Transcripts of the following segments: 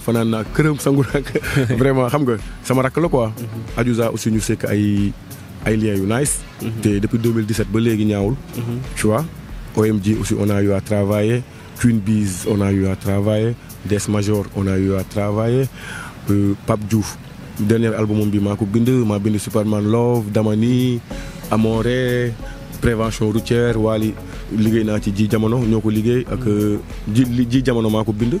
fanaan naa këram sangu vraiment xam nga sama rakk la quoi. Mhm. Adiouza aussi ñu sekk ay ay lien yu nice. Mhm. te depuis 2017 ba léegi ñaawul. Mhm. tu vois OMG aussi on a eu à travailler Queen Bees on a eu à travailler Des Major on a eu à travailler euh, Pape Diouf dernier album bi maa ko bind ma bind Superman Love Damani Amore prévention routière Wali, liggéey naa ci ji jamono ñoo ko liggéey ak euh, ji ji jamono maa ko bind.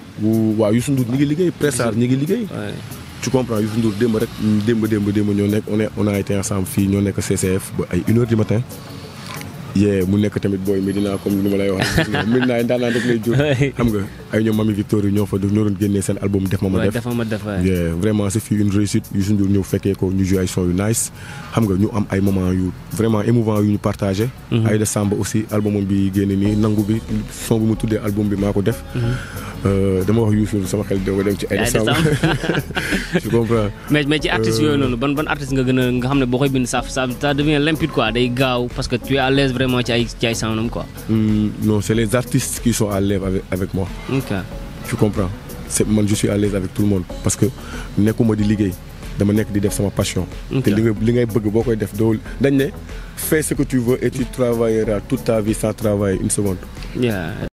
waaw Youssou Ndour ñu ngi liggéey Pressar ñu ngi liggéey. tu comprends Youssou Ndour démb rek démb démb démb ñoo nekk on est on a été ensemble fii ñoo nekk CCF ba ay une heure du matin. yeah mu nekk tamit booy Medina comme ni ma lay wax Medina yi ndaanaan rek lay jur xam nga ay ñoom Mami Victoire yi ñoo fa def ñoo doon génnee seen album def ma ma def ma vraiment c'est fii une réussite Youssou Ndour ñëw fekkee ko ñu joué ay son yu nice xam nga ñu am ay moment yu vraiment émouvant yu ñu partagé mhm. Aïda Samba aussi album bi génne nii nangu bi son bu mu tuddee album bi maa def mhm. Euh, dama wax Youssou sama xel doo ko dem ci Aïda Samb tu comprends mais mais ci euh, artistes yooyu noonu ban ban artiste nga gën a nga xam ne boo koy bind ça ça devient limpide quoi day gaaw parce que tu es à l'aise vraiment ci ay ci ay soundam quoi hmm, non c'est les artistes qui sont à l'aise avec avec moi ok tu comprends c'est man je suis à l'aise avec tout le monde parce que nekkuma di liggéey dama nekk di def sama passion te li nga li ngay bëgg boo koy def doo dañ ne fais ce que tu veux et tu travailleras toute ta vie sans travail une seconde yeah